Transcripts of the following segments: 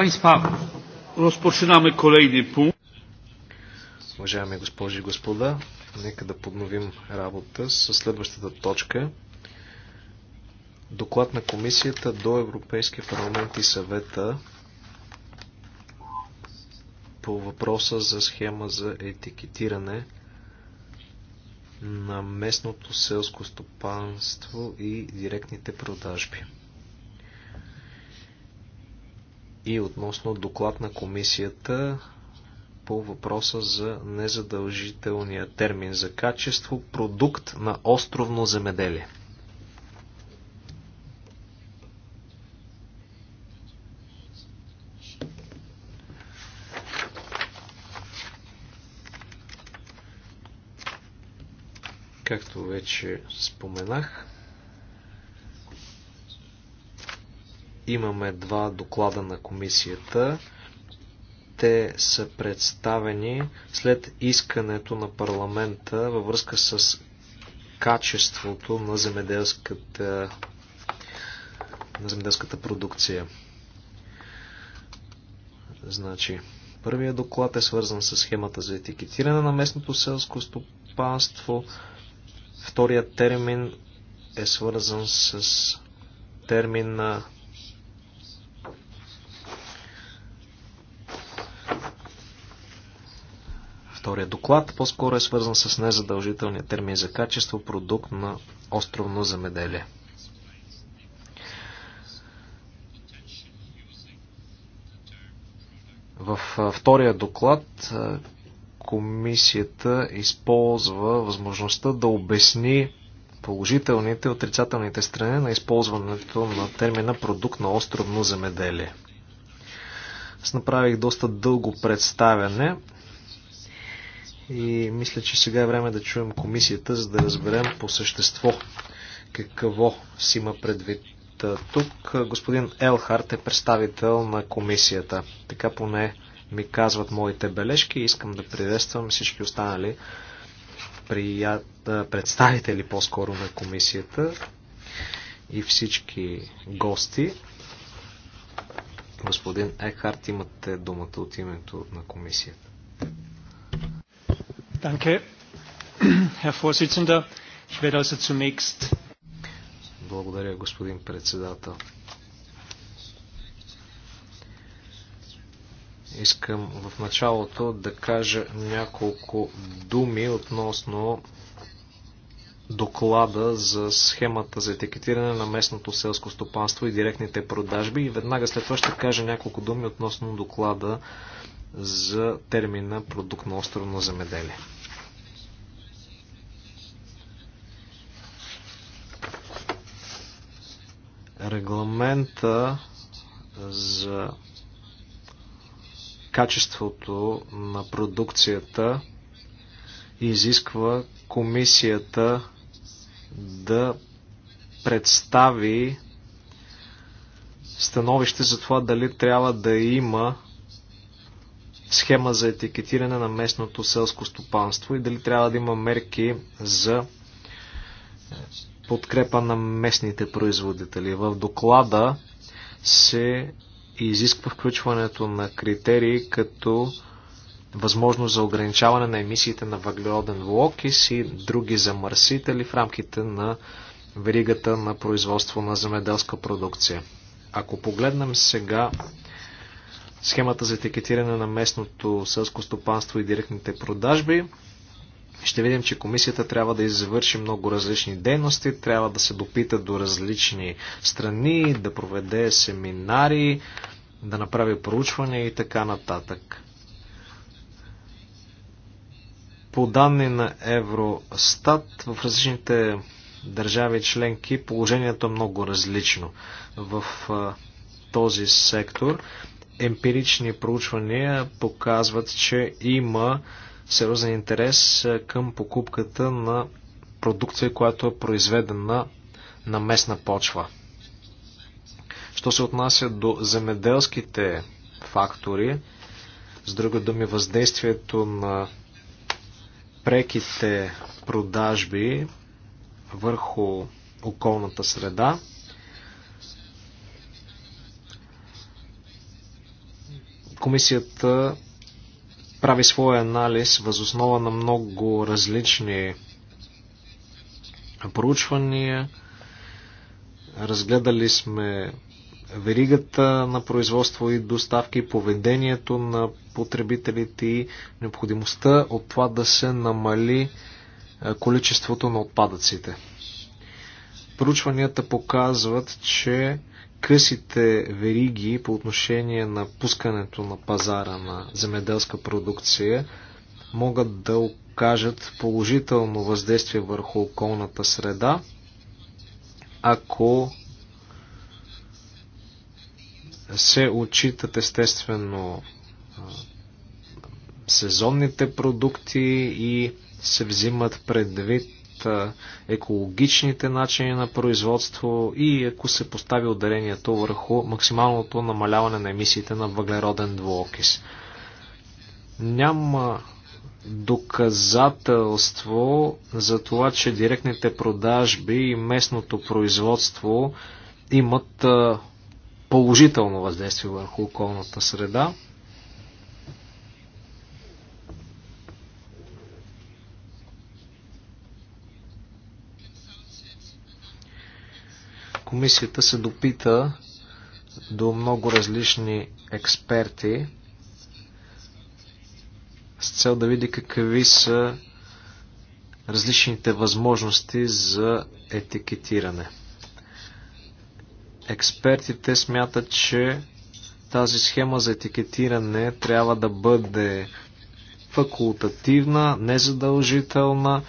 Państwa, rozpoczynamy kolejny punkt. Уважаеми госпожи и господа, нека да подновим работа с следващата точка. Доклад на комисията до Европейския парламент и съвета по въпроса за схема за етикетиране на местното селско стопанство и директните продажби. и относно доклад на комисията по въпроса за незадължителния термин за качество продукт на островно земеделие. Както вече споменах, Имаме два доклада на комисията. Те са представени след искането на парламента във връзка с качеството на земеделската, на земеделската продукция. Значи, първият доклад е свързан с схемата за етикетиране на местното селско стопанство. Вторият термин е свързан с термина втория доклад. По-скоро е свързан с незадължителния термин за качество, продукт на островно замеделие. Във втория доклад комисията използва възможността да обясни положителните и отрицателните страни на използването на термина продукт на островно земеделие. Аз направих доста дълго представяне и мисля, че сега е време да чуем комисията, за да разберем по същество какво си има предвид. Тук господин Елхарт е представител на комисията. Така поне ми казват моите бележки. Искам да приветствам всички останали прият... представители по-скоро на комисията и всички гости. Господин Елхарт, имате думата от името на комисията. Danke, Herr Vorsitzender. Ich werde also zunächst. Благодаря, господин председател. Искам в началото да кажа няколко думи относно доклада за схемата за етикетиране на местното селско стопанство и директните продажби и веднага след това ще кажа няколко думи относно доклада за термина продукт на островно замеделие. Регламента за качеството на продукцията изисква комисията да представи становище за това дали трябва да има схема за етикетиране на местното селско стопанство и дали трябва да има мерки за е, подкрепа на местните производители. В доклада се изисква включването на критерии като възможност за ограничаване на емисиите на въглероден локис и други замърсители в рамките на веригата на производство на земеделска продукция. Ако погледнем сега схемата за етикетиране на местното селско стопанство и директните продажби. Ще видим, че комисията трябва да извърши много различни дейности, трябва да се допита до различни страни, да проведе семинари, да направи проучвания и така нататък. По данни на Евростат, в различните държави членки положението е много различно в този сектор емпирични проучвания показват, че има сериозен интерес към покупката на продукция, която е произведена на местна почва. Що се отнася до земеделските фактори, с друга думи въздействието на преките продажби върху околната среда, Комисията прави своя анализ възоснова на много различни проучвания. Разгледали сме веригата на производство и доставки, поведението на потребителите и необходимостта от това да се намали е, количеството на отпадъците. Проучванията показват, че късите вериги по отношение на пускането на пазара на земеделска продукция могат да окажат положително въздействие върху околната среда, ако се отчитат естествено сезонните продукти и се взимат предвид екологичните начини на производство и ако се постави ударението върху максималното намаляване на емисиите на въглероден двуокис. Няма доказателство за това, че директните продажби и местното производство имат положително въздействие върху околната среда. комисията се допита до много различни експерти с цел да види какви са различните възможности за етикетиране. Експертите смятат, че тази схема за етикетиране трябва да бъде факултативна, незадължителна,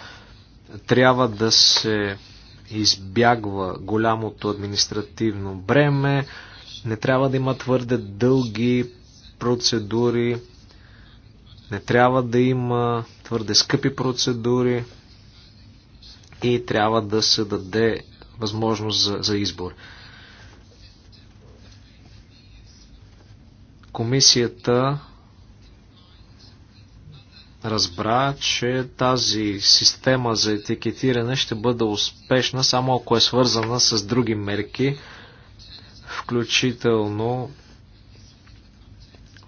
трябва да се избягва голямото административно бреме, не трябва да има твърде дълги процедури, не трябва да има твърде скъпи процедури и трябва да се даде възможност за, за избор. Комисията разбра, че тази система за етикетиране ще бъде успешна само ако е свързана с други мерки, включително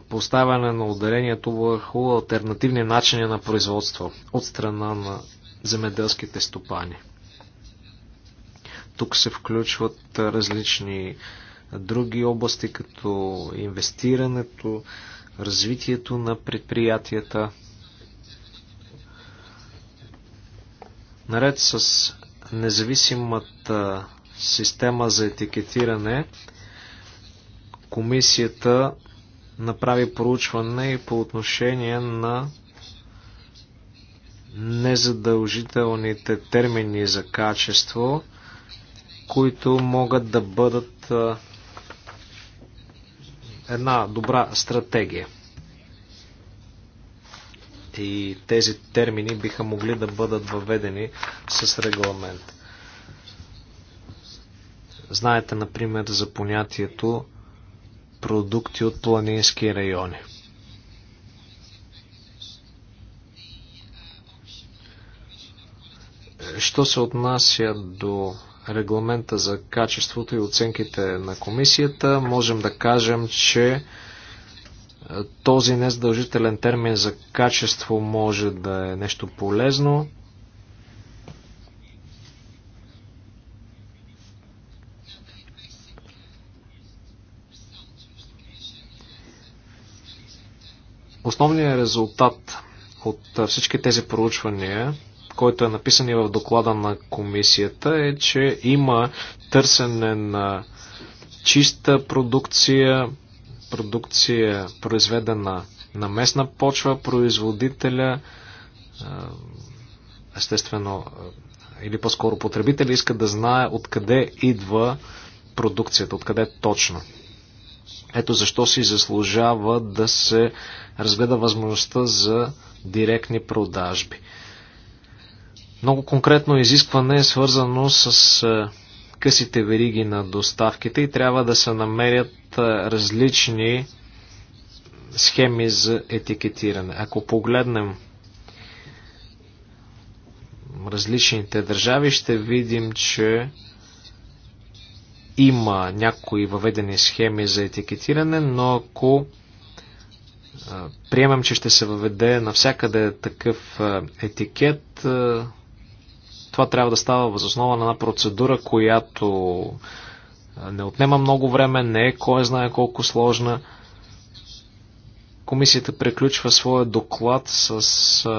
поставяне на ударението върху альтернативни начини на производство от страна на земеделските стопани. Тук се включват различни други области, като инвестирането, развитието на предприятията – Наред с независимата система за етикетиране, комисията направи проучване и по отношение на незадължителните термини за качество, които могат да бъдат една добра стратегия и тези термини биха могли да бъдат въведени с регламент. Знаете, например, за понятието продукти от планински райони. Що се отнася до регламента за качеството и оценките на комисията, можем да кажем, че този незадължителен термин за качество може да е нещо полезно. Основният резултат от всички тези проучвания, който е написан и в доклада на комисията, е, че има търсене на чиста продукция, продукция, произведена на местна почва, производителя, естествено, или по-скоро потребителя иска да знае откъде идва продукцията, откъде точно. Ето защо си заслужава да се разгледа възможността за директни продажби. Много конкретно изискване е свързано с късите вериги на доставките и трябва да се намерят различни схеми за етикетиране. Ако погледнем различните държави, ще видим, че има някои въведени схеми за етикетиране, но ако приемам, че ще се въведе навсякъде такъв етикет, това трябва да става възоснова на една процедура, която не отнема много време, не е кой знае колко сложна. Комисията приключва своя доклад с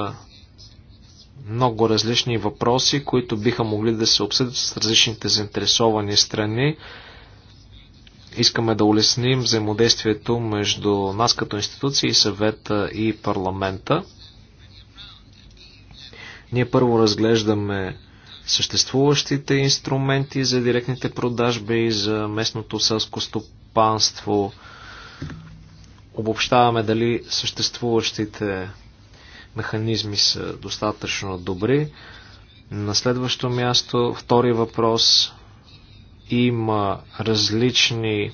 много различни въпроси, които биха могли да се обсъдят с различните заинтересовани страни. Искаме да улесним взаимодействието между нас като институции, съвета и парламента. Ние първо разглеждаме съществуващите инструменти за директните продажби и за местното селско стопанство. Обобщаваме дали съществуващите механизми са достатъчно добри. На следващо място, втори въпрос, има различни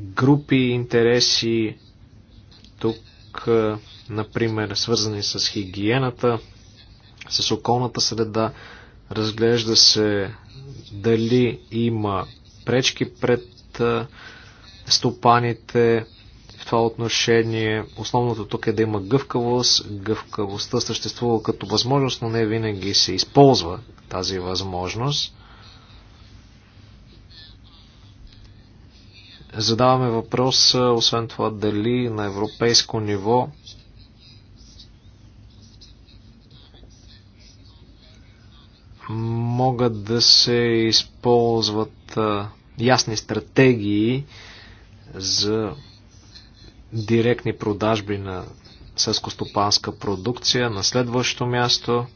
групи интереси, тук, например, свързани с хигиената, с околната среда, разглежда се дали има пречки пред стопаните в това отношение. Основното тук е да има гъвкавост. Гъвкавостта съществува като възможност, но не винаги се използва тази възможност. Задаваме въпрос, освен това, дали на европейско ниво могат да се използват ясни стратегии за директни продажби на сълскостопанска продукция. На следващото място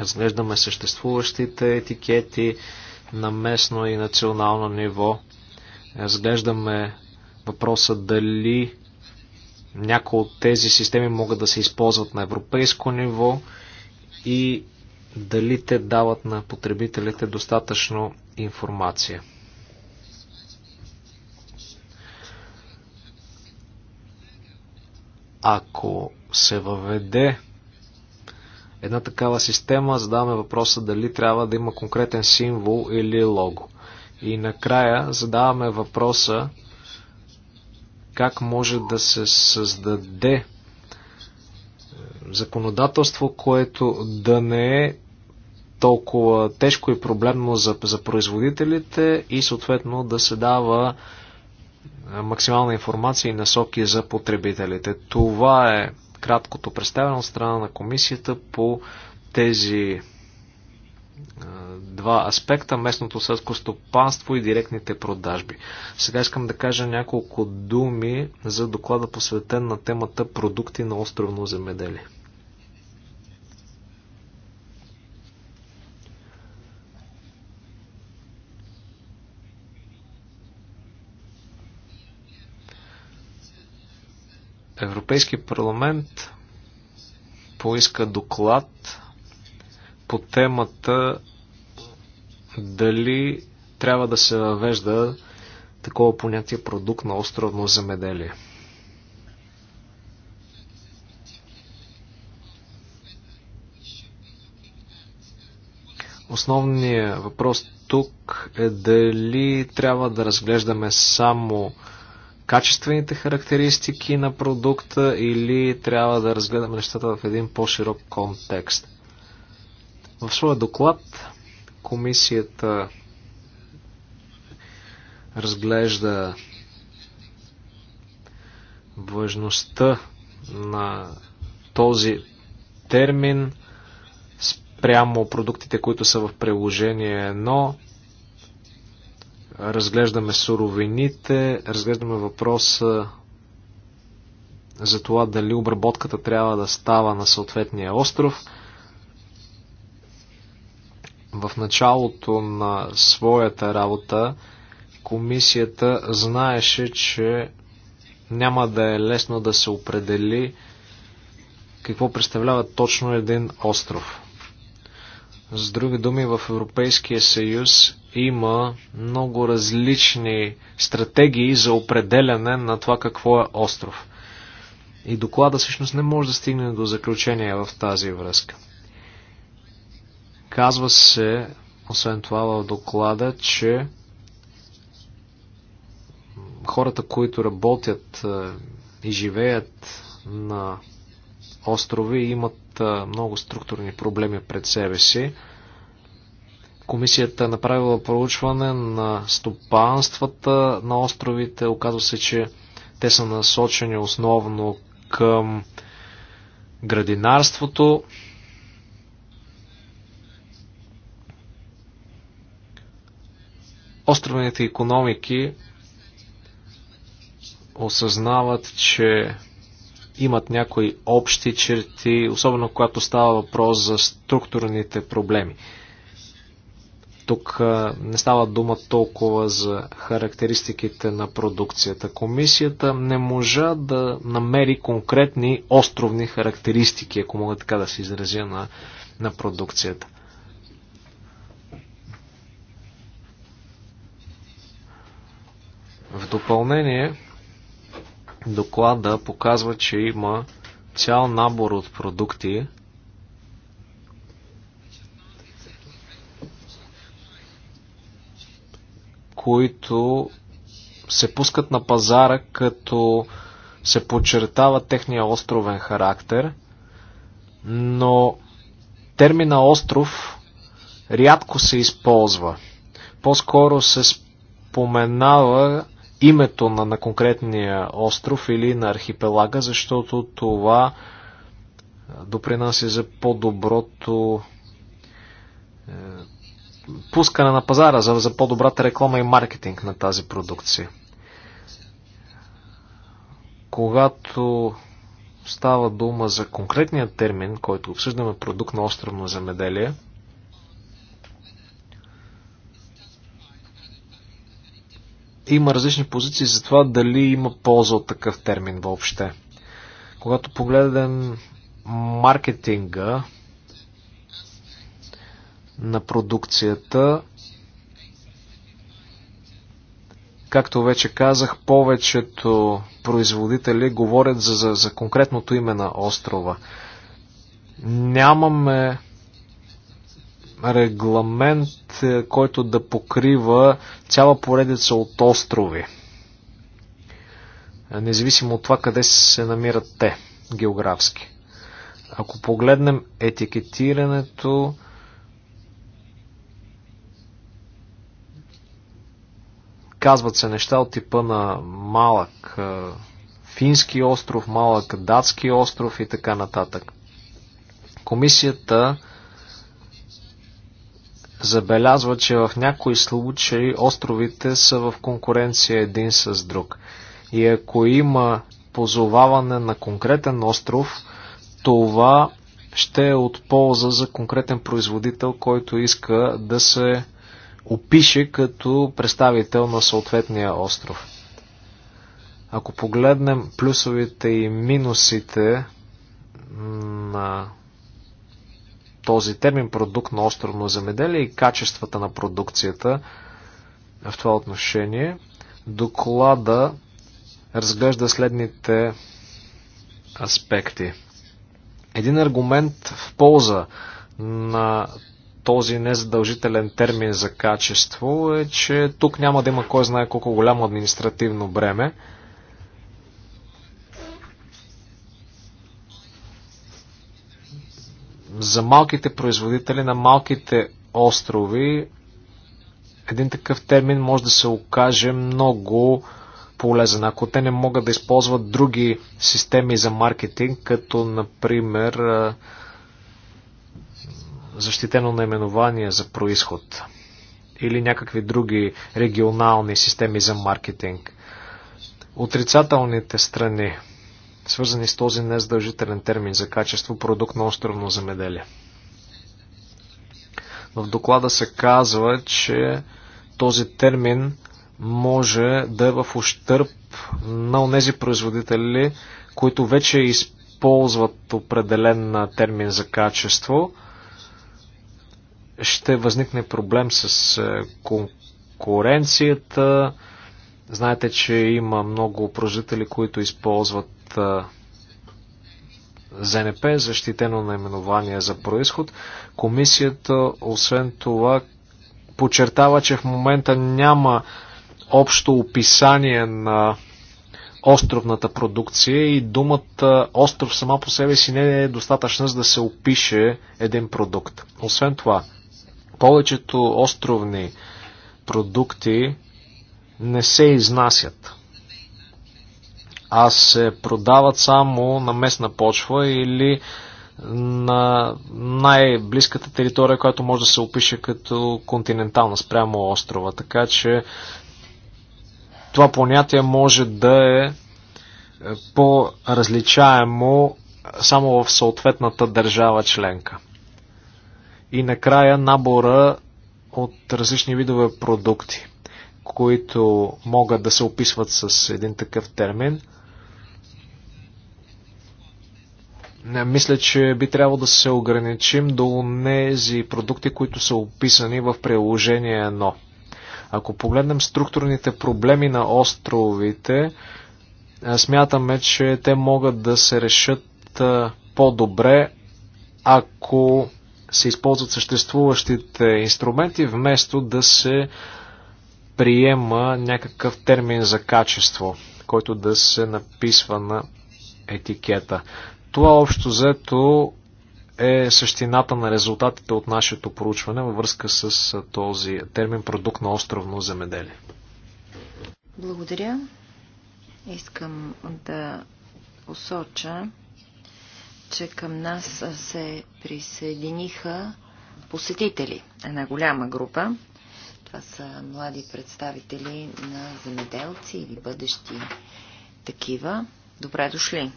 разглеждаме съществуващите етикети на местно и национално ниво. Разглеждаме въпроса дали някои от тези системи могат да се използват на европейско ниво и дали те дават на потребителите достатъчно информация. Ако се въведе една такава система, задаваме въпроса дали трябва да има конкретен символ или лого. И накрая задаваме въпроса как може да се създаде законодателство, което да не е толкова тежко и проблемно за, за производителите и съответно да се дава максимална информация и насоки за потребителите. Това е краткото представяне от страна на комисията по тези два аспекта местното селско стопанство и директните продажби. Сега искам да кажа няколко думи за доклада посветен на темата продукти на островно земеделие. Европейския парламент поиска доклад по темата дали трябва да се въвежда такова понятие продукт на островно земеделие. Основният въпрос тук е дали трябва да разглеждаме само качествените характеристики на продукта или трябва да разгледаме нещата в един по-широк контекст. В своя доклад комисията разглежда важността на този термин спрямо продуктите, които са в приложение 1 разглеждаме суровините, разглеждаме въпроса за това дали обработката трябва да става на съответния остров. В началото на своята работа комисията знаеше, че няма да е лесно да се определи какво представлява точно един остров. С други думи, в Европейския съюз има много различни стратегии за определяне на това какво е остров. И доклада всъщност не може да стигне до заключение в тази връзка. Казва се, освен това в доклада, че хората, които работят е, и живеят на острови, имат много структурни проблеми пред себе си. Комисията е направила проучване на стопанствата на островите. Оказва се, че те са насочени основно към градинарството. Островните економики осъзнават, че имат някои общи черти, особено когато става въпрос за структурните проблеми. Тук не става дума толкова за характеристиките на продукцията. Комисията не можа да намери конкретни островни характеристики, ако мога така да се изразя, на, на продукцията. В допълнение, доклада показва, че има цял набор от продукти, които се пускат на пазара, като се подчертава техния островен характер, но термина остров рядко се използва. По-скоро се споменава името на, на конкретния остров или на архипелага, защото това допринася за по-доброто е, пускане на пазара, за, за по-добрата реклама и маркетинг на тази продукция. Когато става дума за конкретния термин, който обсъждаме продукт на островно земеделие – Има различни позиции за това дали има полза от такъв термин въобще. Когато погледнем маркетинга на продукцията, както вече казах, повечето производители говорят за, за, за конкретното име на острова. Нямаме регламент, е, който да покрива цяла поредица от острови. Е, независимо от това къде се намират те географски. Ако погледнем етикетирането, казват се неща от типа на малък е, фински остров, малък датски остров и така нататък. Комисията забелязва, че в някои случаи островите са в конкуренция един с друг. И ако има позоваване на конкретен остров, това ще е от полза за конкретен производител, който иска да се опише като представител на съответния остров. Ако погледнем плюсовите и минусите на този термин продукт на островно земеделие и качествата на продукцията в това отношение. Доклада разглежда следните аспекти. Един аргумент в полза на този незадължителен термин за качество е, че тук няма да има кой знае колко голямо административно бреме. за малките производители на малките острови един такъв термин може да се окаже много полезен. Ако те не могат да използват други системи за маркетинг, като например защитено наименование за происход или някакви други регионални системи за маркетинг. Отрицателните страни – свързани с този нездължителен термин за качество продукт на островно земеделие. В доклада се казва, че този термин може да е в ущърп на тези производители, които вече използват определен термин за качество. Ще възникне проблем с конкуренцията. Знаете, че има много производители, които използват ЗНП, защитено наименование за происход. Комисията, освен това, подчертава, че в момента няма общо описание на островната продукция и думата остров сама по себе си не е достатъчна за да се опише един продукт. Освен това, повечето островни продукти не се изнасят а се продават само на местна почва или на най-близката територия, която може да се опише като континентална спрямо острова. Така че това понятие може да е по-различаемо само в съответната държава членка. И накрая набора от различни видове продукти, които могат да се описват с един такъв термин – Не, мисля, че би трябвало да се ограничим до тези продукти, които са описани в приложение 1. Ако погледнем структурните проблеми на островите, е, смятаме, че те могат да се решат е, по-добре, ако се използват съществуващите инструменти, вместо да се приема някакъв термин за качество, който да се написва на етикета. Това общо взето е същината на резултатите от нашето проучване във връзка с този термин продукт на островно земеделие. Благодаря. Искам да посоча, че към нас се присъединиха посетители. Една голяма група. Това са млади представители на земеделци или бъдещи такива. Добре дошли!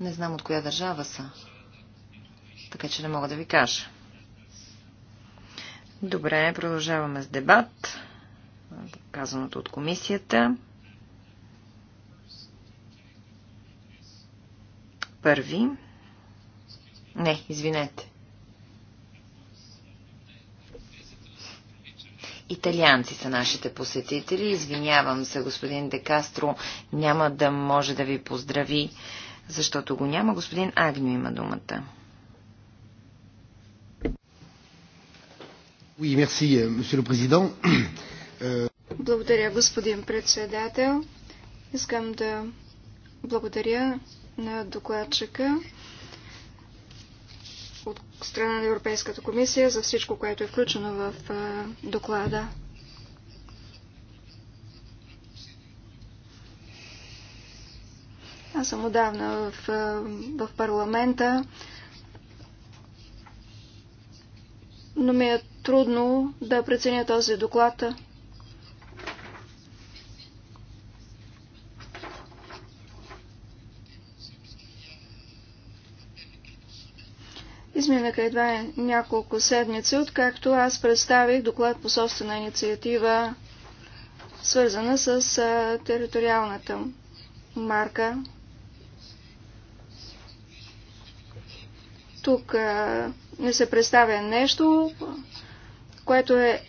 Не знам от коя държава са. Така че не мога да ви кажа. Добре, продължаваме с дебат. Казаното от комисията. Първи. Не, извинете. Италианци са нашите посетители. Извинявам се, господин Декастро, няма да може да ви поздрави защото го няма, господин Агню има думата. Oui, merci, euh, monsieur le président. Euh, благодаря, господин председател. Искам да благодаря на докладчика от страна на Европейската комисия за всичко, което е включено в доклада. Аз съм отдавна в, в парламента, но ми е трудно да преценя този доклад. Изминаха едва няколко седмици, откакто аз представих доклад по собствена инициатива, свързана с териториалната марка Тук не се представя нещо, което е,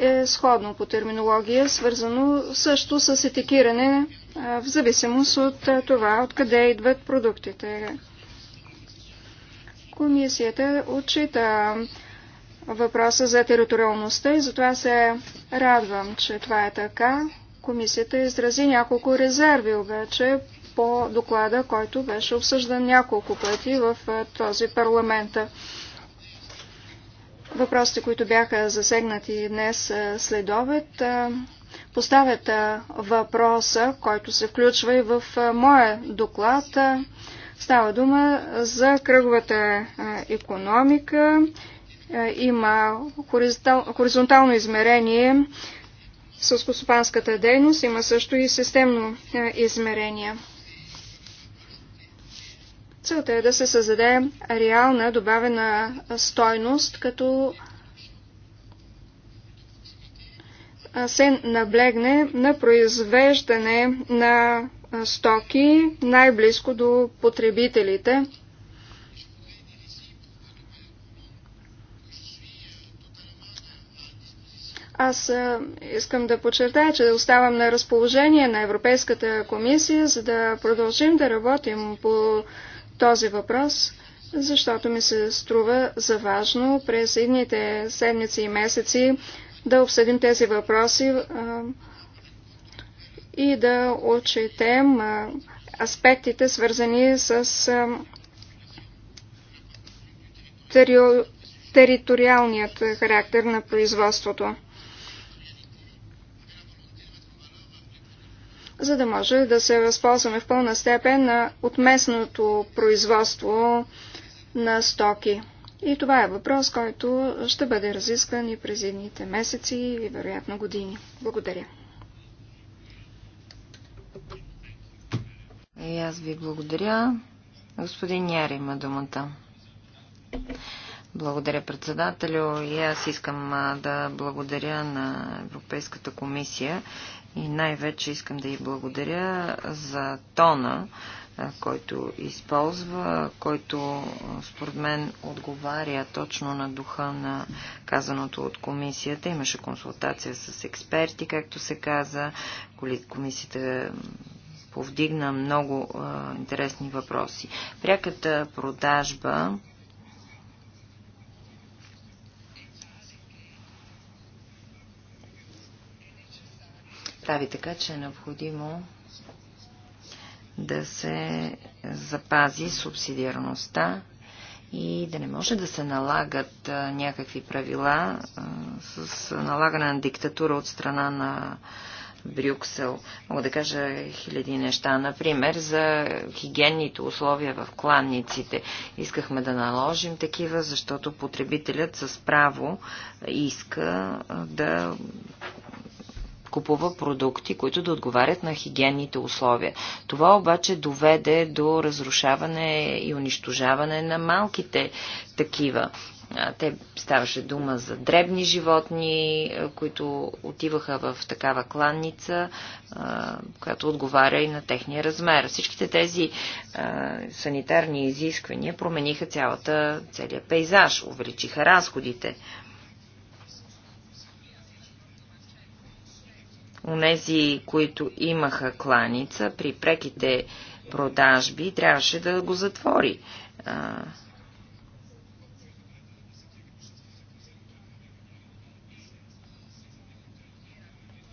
е сходно по терминология, свързано също с етикиране в зависимост от това, откъде идват продуктите. Комисията отчита въпроса за териториалността и затова се радвам, че това е така. Комисията изрази няколко резерви обаче по доклада, който беше обсъждан няколко пъти в този парламент. Въпросите, които бяха засегнати днес след обед, поставят въпроса, който се включва и в моя доклад. Става дума за кръговата економика. Има хоризонтално измерение сълскостопанската дейност, има също и системно измерение. Целта е да се създаде реална добавена стойност, като се наблегне на произвеждане на стоки най-близко до потребителите. Аз искам да подчертая, че оставам на разположение на Европейската комисия, за да продължим да работим по този въпрос, защото ми се струва за важно през едните седмици и месеци да обсъдим тези въпроси и да отчетем аспектите, свързани с териториалният характер на производството. за да може да се възползваме в пълна степен на отместното производство на стоки. И това е въпрос, който ще бъде разискван и през едните месеци и вероятно години. Благодаря. И аз ви благодаря. Господин Яри има думата. Благодаря, председателю. И аз искам да благодаря на Европейската комисия и най-вече искам да й благодаря за тона, който използва, който според мен отговаря точно на духа на казаното от комисията. Имаше консултация с експерти, както се каза. Комисията повдигна много интересни въпроси. Пряката продажба прави така, че е необходимо да се запази субсидиарността и да не може да се налагат някакви правила с налагане на диктатура от страна на Брюксел. Мога да кажа хиляди неща. Например, за хигиенните условия в кланниците. Искахме да наложим такива, защото потребителят с право иска да купува продукти, които да отговарят на хигиенните условия. Това обаче доведе до разрушаване и унищожаване на малките такива. Те ставаше дума за дребни животни, които отиваха в такава кланница, която отговаря и на техния размер. Всичките тези санитарни изисквания промениха цялата, целият пейзаж, увеличиха разходите. Унези, които имаха кланица при преките продажби, трябваше да го затвори.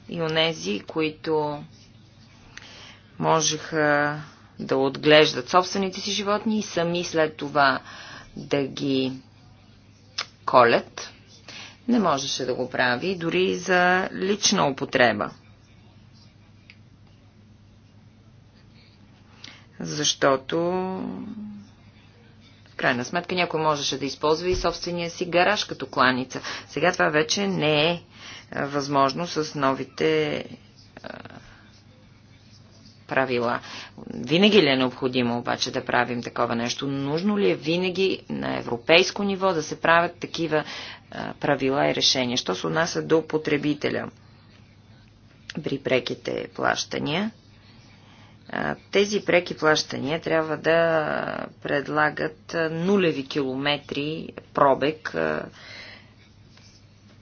И унези, които можеха да отглеждат собствените си животни и сами след това да ги колят, не можеше да го прави дори за лична употреба. защото в крайна сметка някой можеше да използва и собствения си гараж като кланица. Сега това вече не е възможно с новите правила. Винаги ли е необходимо обаче да правим такова нещо? Нужно ли е винаги на европейско ниво да се правят такива а, правила и решения? Що се отнася до потребителя при преките плащания? Тези преки плащания трябва да предлагат нулеви километри пробег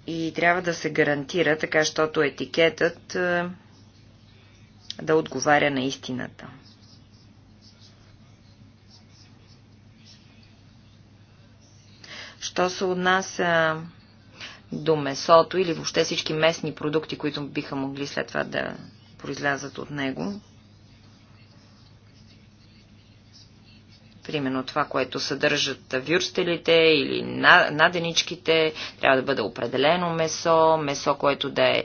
и трябва да се гарантира така, защото етикетът да отговаря на истината. Що се отнася до месото или въобще всички местни продукти, които биха могли след това да произлязат от него, Примерно това, което съдържат вюрстелите или наденичките, трябва да бъде определено месо, месо, което да е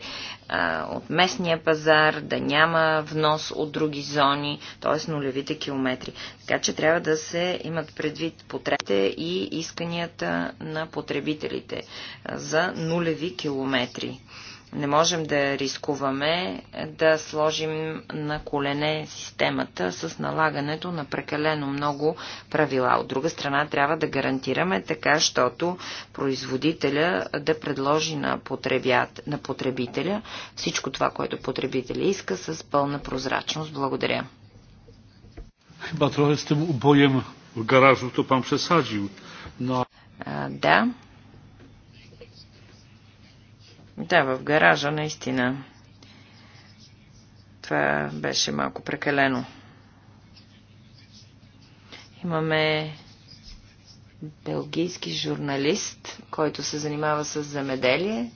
а, от местния пазар, да няма внос от други зони, т.е. нулевите километри. Така че трябва да се имат предвид потребите и исканията на потребителите за нулеви километри. Не можем да рискуваме да сложим на колене системата с налагането на прекалено много правила. От друга страна трябва да гарантираме така, щото производителя да предложи на, на потребителя всичко това, което потребителя иска с пълна прозрачност. Благодаря. Chyba trochę z tym ubojem w garażu to Да, да, в гаража, наистина. Това беше малко прекалено. Имаме белгийски журналист, който се занимава с земеделие.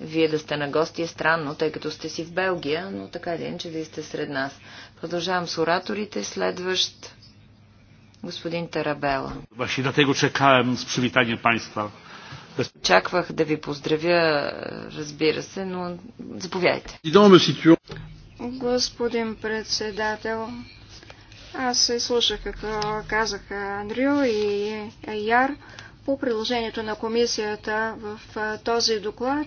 Вие да сте на гости е странно, тъй като сте си в Белгия, но така един, че вие сте сред нас. Продължавам с ораторите. Следващ господин Тарабела. да те го чекаем с привитание панства. Очаквах да ви поздравя, разбира се, но заповядайте. Господин председател, аз се слушах какво казаха Андрю и Яр по приложението на комисията в този доклад.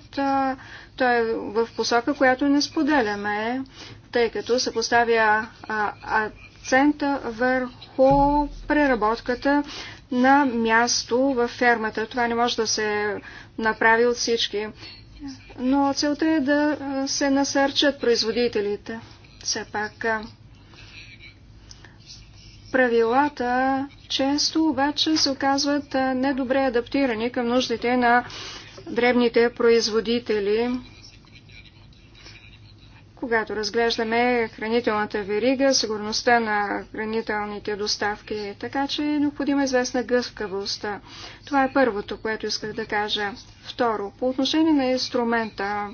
Той е в посока, която не споделяме, тъй като се поставя акцента върху преработката на място в фермата. Това не може да се направи от всички. Но целта е да се насърчат производителите. Все пак правилата често обаче се оказват недобре адаптирани към нуждите на дребните производители когато разглеждаме хранителната верига, сигурността на хранителните доставки, така че е необходима известна гъвкавост. Това е първото, което исках да кажа. Второ, по отношение на инструмента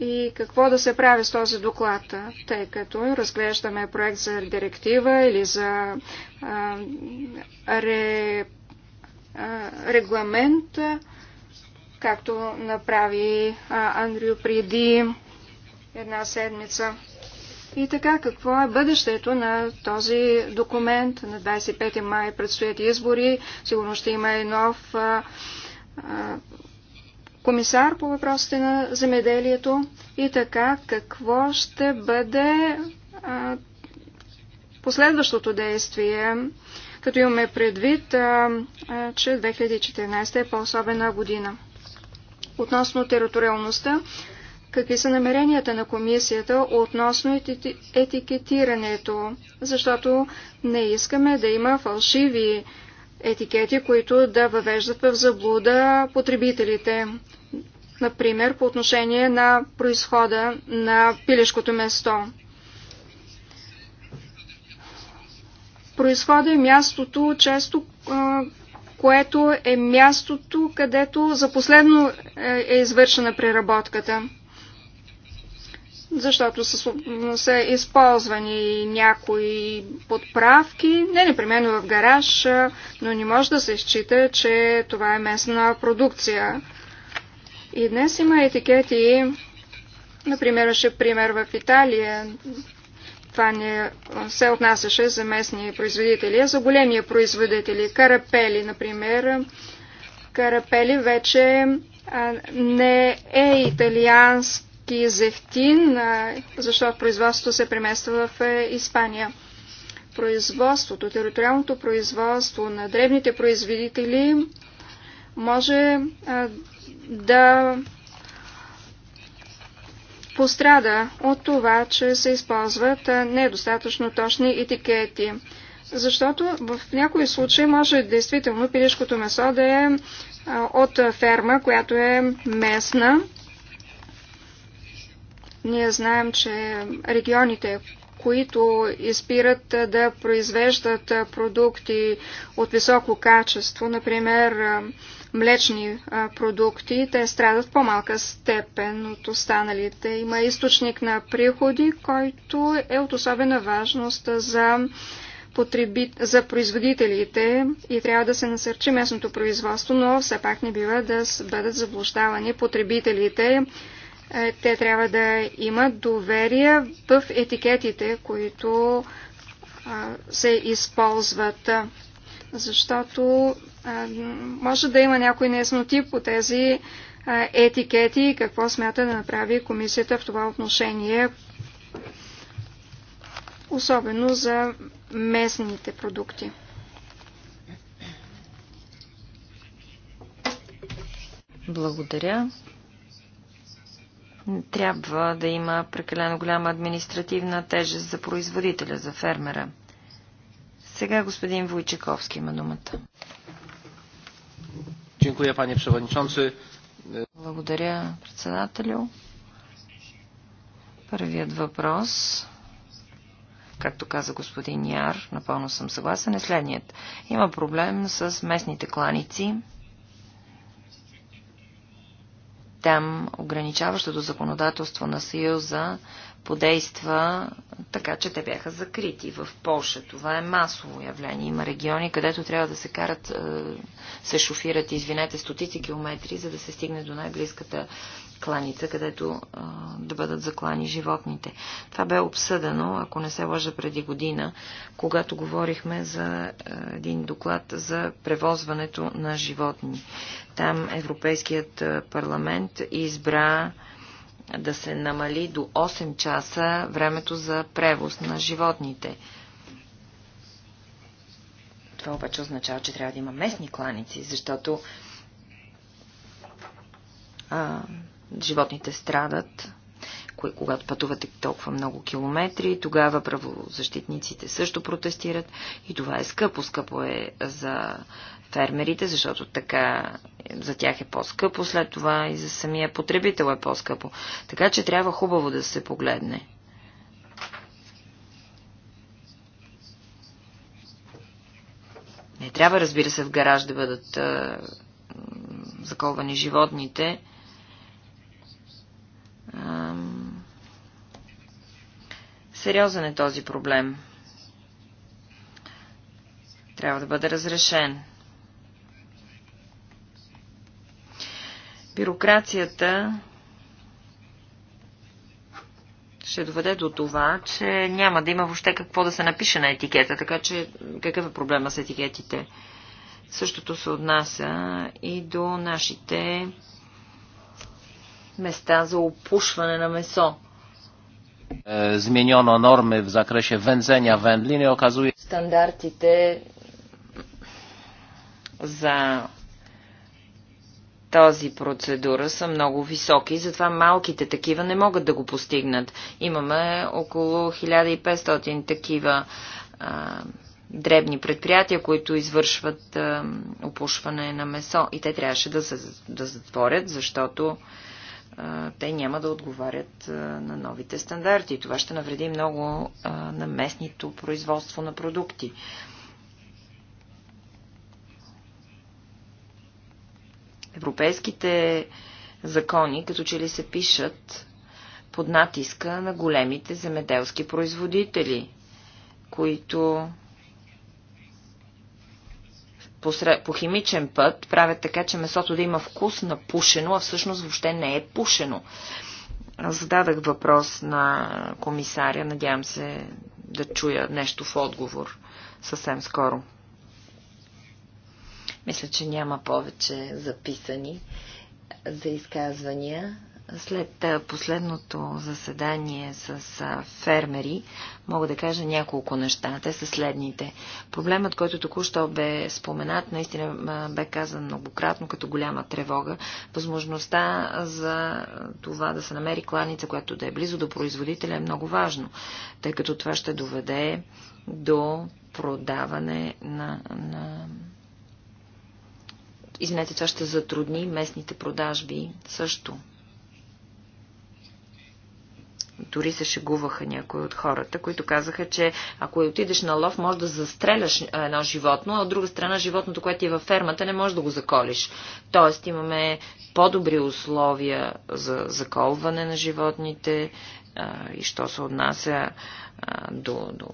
и какво да се прави с този доклад, тъй като разглеждаме проект за директива или за а, ре, а, регламент, както направи а, Андрю преди една седмица. И така, какво е бъдещето на този документ? На 25 май предстоят избори. Сигурно ще има и нов а, а, комисар по въпросите на земеделието. И така, какво ще бъде а, последващото действие? Като имаме предвид, че 2014 е по-особена година. Относно териториалността, Какви са намеренията на комисията относно етикетирането? Защото не искаме да има фалшиви етикети, които да въвеждат в заблуда потребителите. Например, по отношение на происхода на пилешкото место. Произхода е мястото, често което е мястото, където за последно е, е извършена преработката защото са, са използвани някои подправки, не непременно в гараж, но не може да се изчита, че това е местна продукция. И днес има етикети, например, ще пример в Италия, това не се отнасяше за местни производители, а за големи производители, карапели, например. Карапели вече не е италиански ки зехтин, защото производството се премества в е, Испания. Производството, териториалното производство на древните производители може да пострада от това, че се използват недостатъчно точни етикети. Защото в някои случаи може действително пилешкото месо да е от ферма, която е местна ние знаем, че регионите, които избират да произвеждат продукти от високо качество, например млечни продукти, те страдат по-малка степен от останалите. Има източник на приходи, който е от особена важност за, за производителите и трябва да се насърчи местното производство, но все пак не бива да бъдат заблуждавани потребителите е, те трябва да имат доверие в етикетите, които се използват, защото може да има някои неясноти по тези етикети и какво смята да направи комисията в това отношение, особено за местните продукти. Благодаря трябва да има прекалено голяма административна тежест за производителя, за фермера. Сега господин Войчаковски има думата. Дякую, пане Благодаря, председателю. Първият въпрос, както каза господин Яр, напълно съм съгласен, е следният. Има проблем с местните кланици, Там ограничаващото законодателство на Съюза подейства така, че те бяха закрити. В Польша това е масово явление. Има региони, където трябва да се карат, е, се шофират, извинете, стотици километри, за да се стигне до най-близката кланица, където е, да бъдат заклани животните. Това бе обсъдено, ако не се лъжа преди година, когато говорихме за е, един доклад за превозването на животни. Там Европейският парламент избра да се намали до 8 часа времето за превоз на животните. Това обаче означава, че трябва да има местни кланици, защото а, животните страдат когато пътувате толкова много километри. Тогава правозащитниците също протестират и това е скъпо. Скъпо е за фермерите, защото така за тях е по-скъпо, след това и за самия потребител е по-скъпо. Така че трябва хубаво да се погледне. Не трябва, разбира се, в гараж да бъдат а, заколвани животните, Сериозен е този проблем. Трябва да бъде разрешен. Бюрокрацията ще доведе до това, че няма да има въобще какво да се напише на етикета, така че какъв е проблема с етикетите? Същото се отнася и до нашите места за опушване на месо. E, zmieniono normy w zakresie wędzenia wędlin i okazuje się... te za тази процедура са много високи, затова малките такива не могат да го постигнат. Имаме около 1500 такива а, дребни предприятия, които извършват а, опушване на месо и те трябваше да, се, да затворят, защото те няма да отговарят на новите стандарти. Това ще навреди много на местното производство на продукти. Европейските закони като че ли се пишат под натиска на големите земеделски производители, които по, по химичен път правят така, че месото да има вкус на пушено, а всъщност въобще не е пушено. Зададах въпрос на комисаря, надявам се да чуя нещо в отговор съвсем скоро. Мисля, че няма повече записани за изказвания. След последното заседание с фермери мога да кажа няколко неща. Те са следните. Проблемът, който току-що бе споменат, наистина бе казан многократно като голяма тревога. Възможността за това да се намери кланица, която да е близо до производителя е много важно, тъй като това ще доведе до продаване на, на извинете, това ще затрудни местните продажби също. Дори се шегуваха някои от хората, които казаха, че ако отидеш на лов, може да застреляш едно животно, а от друга страна животното, което е във фермата, не може да го заколиш. Тоест имаме по-добри условия за заколване на животните и що се отнася до, до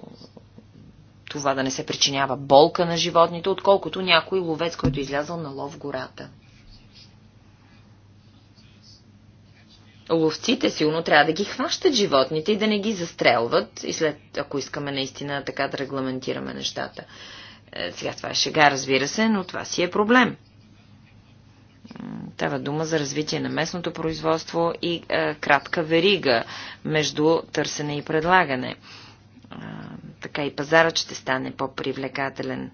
това да не се причинява болка на животните, отколкото някой ловец, който е излязъл на лов в гората. ловците силно трябва да ги хващат животните и да не ги застрелват, и след, ако искаме наистина така да регламентираме нещата. Е, сега това е шега, разбира се, но това си е проблем. Става дума за развитие на местното производство и е, кратка верига между търсене и предлагане. Е, така и пазарът ще стане по-привлекателен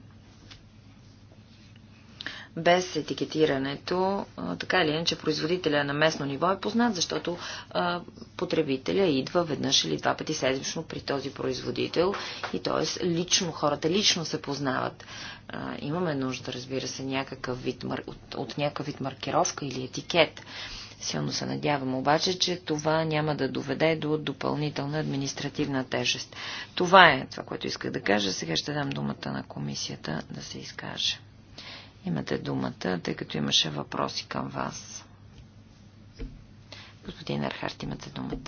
без етикетирането, така или иначе производителя на местно ниво е познат, защото а, потребителя идва веднъж или два пъти седмично при този производител и т.е. лично хората лично се познават. А, имаме нужда, разбира се, някакъв вид, от, от някакъв вид маркировка или етикет. Силно се надявам обаче, че това няма да доведе до допълнителна административна тежест. Това е това, което исках да кажа. Сега ще дам думата на комисията да се изкаже. Имате думата, тъй като имаше въпроси към вас. Господин Ерхарт, имате думата.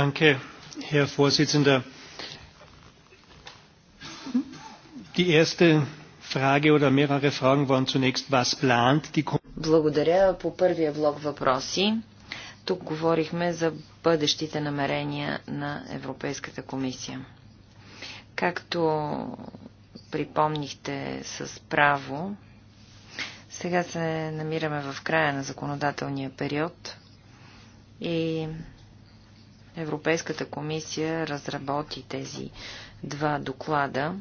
Danke, Herr Vorsitzender. Die erste Frage oder mehrere Fragen waren zunächst, was plant die Благодаря по първия блок въпроси. Тук говорихме за бъдещите намерения на Европейската комисия. Както припомнихте с право, сега се намираме в края на законодателния период и Европейската комисия разработи тези два доклада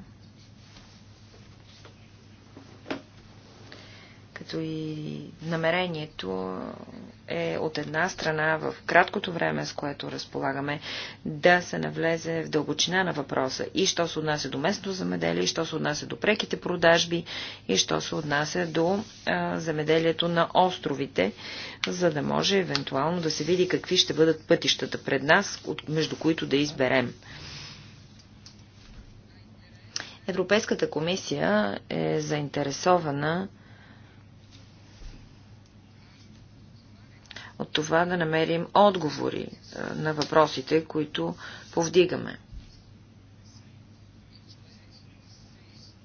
желанието и намерението е от една страна в краткото време, с което разполагаме, да се навлезе в дълбочина на въпроса и що се отнася до местното замеделие, и що се отнася до преките продажби, и що се отнася до а, замеделието на островите, за да може евентуално да се види какви ще бъдат пътищата пред нас, между които да изберем. Европейската комисия е заинтересована от това да намерим отговори е, на въпросите, които повдигаме.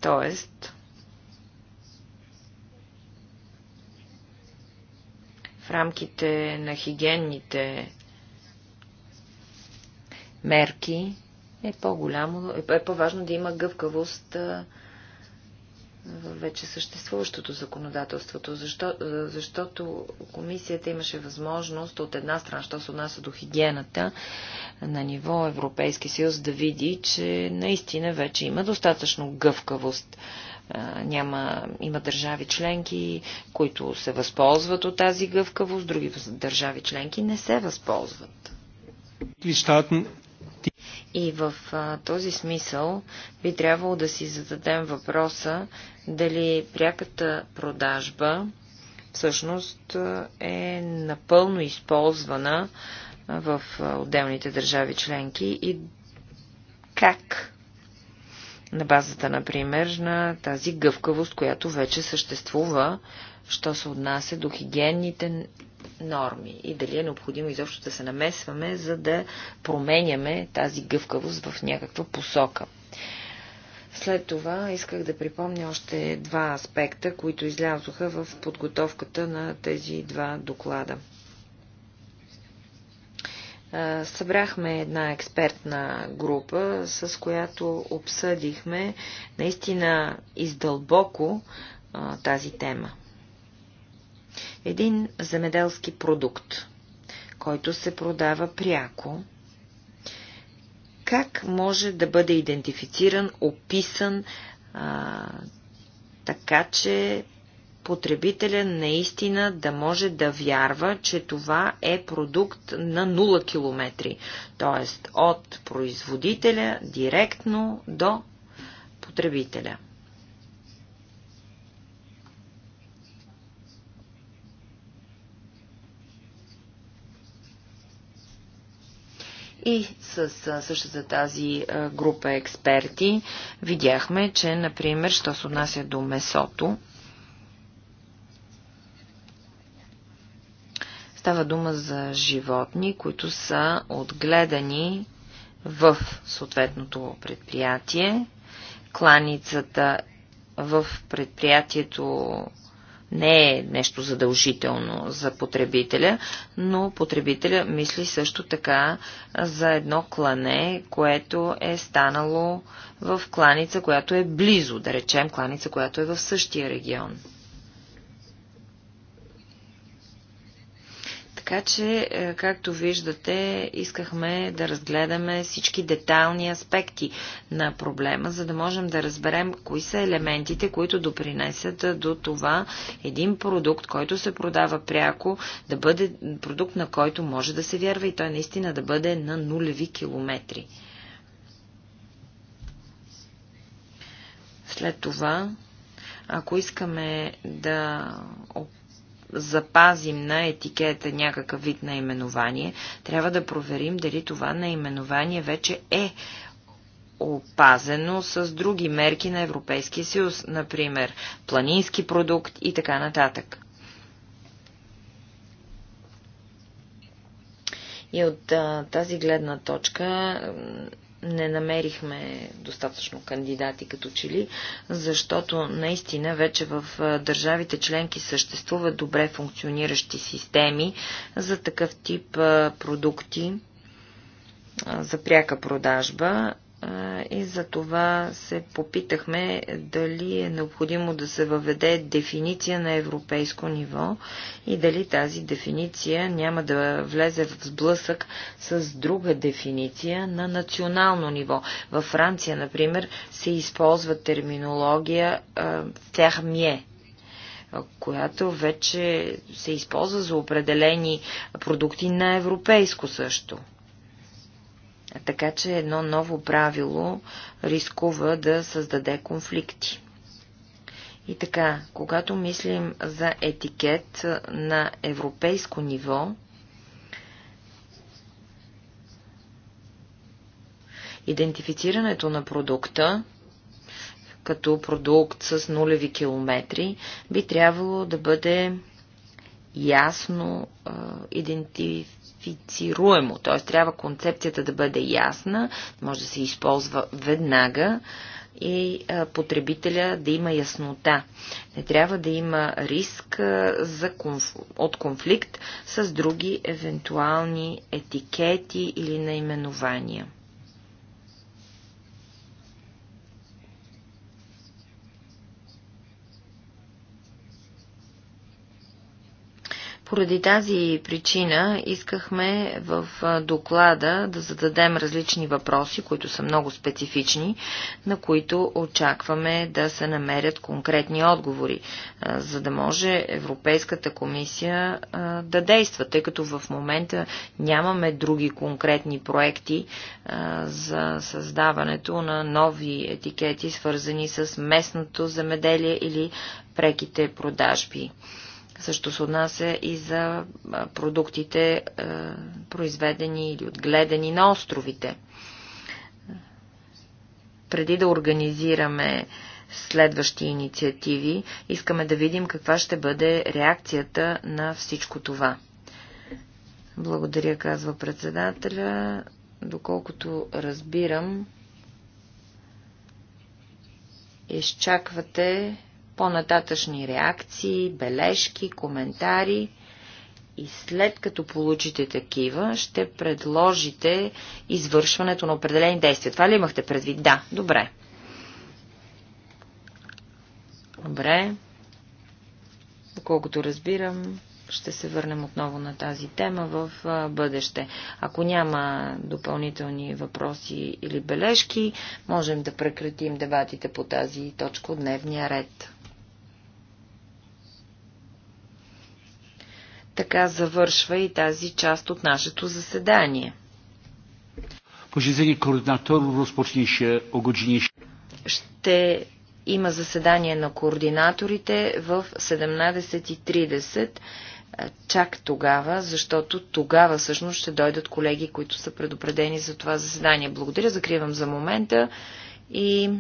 Тоест, в рамките на хигиенните мерки е по-голямо, е, е по-важно да има гъвкавост е, в вече съществуващото законодателството, защо, е, защото комисията имаше възможност от една страна, що се отнася до хигиената на ниво Европейски съюз, да види, че наистина вече има достатъчно гъвкавост. Е, няма, има държави членки, които се възползват от тази гъвкавост, други държави членки не се възползват. И в а, този смисъл би трябвало да си зададем въпроса дали пряката продажба всъщност е напълно използвана в отделните държави членки и как на базата, например, на тази гъвкавост, която вече съществува що се отнася до хигиенните норми и дали е необходимо изобщо да се намесваме, за да променяме тази гъвкавост в някаква посока. След това исках да припомня още два аспекта, които излязоха в подготовката на тези два доклада. Събрахме една експертна група, с която обсъдихме наистина издълбоко тази тема един земеделски продукт, който се продава пряко, как може да бъде идентифициран, описан, а, така че потребителя наистина да може да вярва, че това е продукт на 0 км, т.е. от производителя директно до потребителя. И с същата тази група експерти видяхме, че, например, що се отнася до месото, Става дума за животни, които са отгледани в съответното предприятие. Кланицата в предприятието не е нещо задължително за потребителя, но потребителя мисли също така за едно клане, което е станало в кланица, която е близо, да речем кланица, която е в същия регион. Така че, е, както виждате, искахме да разгледаме всички детални аспекти на проблема, за да можем да разберем кои са елементите, които допринесят до това един продукт, който се продава пряко, да бъде продукт, на който може да се вярва и той наистина да бъде на нулеви километри. След това, ако искаме да запазим на етикета някакъв вид наименование, трябва да проверим дали това наименование вече е опазено с други мерки на Европейския съюз, например планински продукт и така нататък. И от а, тази гледна точка не намерихме достатъчно кандидати като че ли, защото наистина вече в държавите членки съществуват добре функциониращи системи за такъв тип продукти за пряка продажба и за това се попитахме дали е необходимо да се въведе дефиниция на европейско ниво и дали тази дефиниция няма да влезе в сблъсък с друга дефиниция на национално ниво. Във Франция, например, се използва терминология фермие, която вече се използва за определени продукти на европейско също. Така че едно ново правило рискува да създаде конфликти. И така, когато мислим за етикет на европейско ниво, идентифицирането на продукта като продукт с нулеви километри би трябвало да бъде ясно идентифицирано квалифицируемо, т.е. трябва концепцията да бъде ясна, може да се използва веднага и потребителя да има яснота. Не трябва да има риск за конф... от конфликт с други евентуални етикети или наименования. Поради тази причина искахме в доклада да зададем различни въпроси, които са много специфични, на които очакваме да се намерят конкретни отговори, за да може Европейската комисия да действа, тъй като в момента нямаме други конкретни проекти за създаването на нови етикети, свързани с местното земеделие или преките продажби. Също се отнася и за продуктите, произведени или отгледани на островите. Преди да организираме следващи инициативи, искаме да видим каква ще бъде реакцията на всичко това. Благодаря, казва председателя. Доколкото разбирам, изчаквате по-нататъчни реакции, бележки, коментари и след като получите такива, ще предложите извършването на определени действия. Това ли имахте предвид? Да, добре. Добре. Доколкото разбирам, ще се върнем отново на тази тема в бъдеще. Ако няма допълнителни въпроси или бележки, можем да прекратим дебатите по тази точка от дневния ред. Така завършва и тази част от нашето заседание. Posiedzenie координатор rozpocznie się o Ще има заседание на координаторите в 17.30. Чак тогава, защото тогава всъщност ще дойдат колеги, които са предупредени за това заседание. Благодаря, закривам за момента и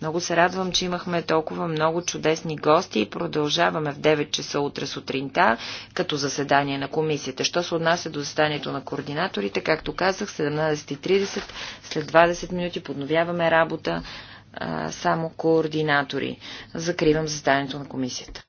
много се радвам, че имахме толкова много чудесни гости и продължаваме в 9 часа утре сутринта като заседание на комисията. Що се отнася до заседанието на координаторите, както казах, 17.30, след 20 минути подновяваме работа а, само координатори. Закривам заседанието на комисията.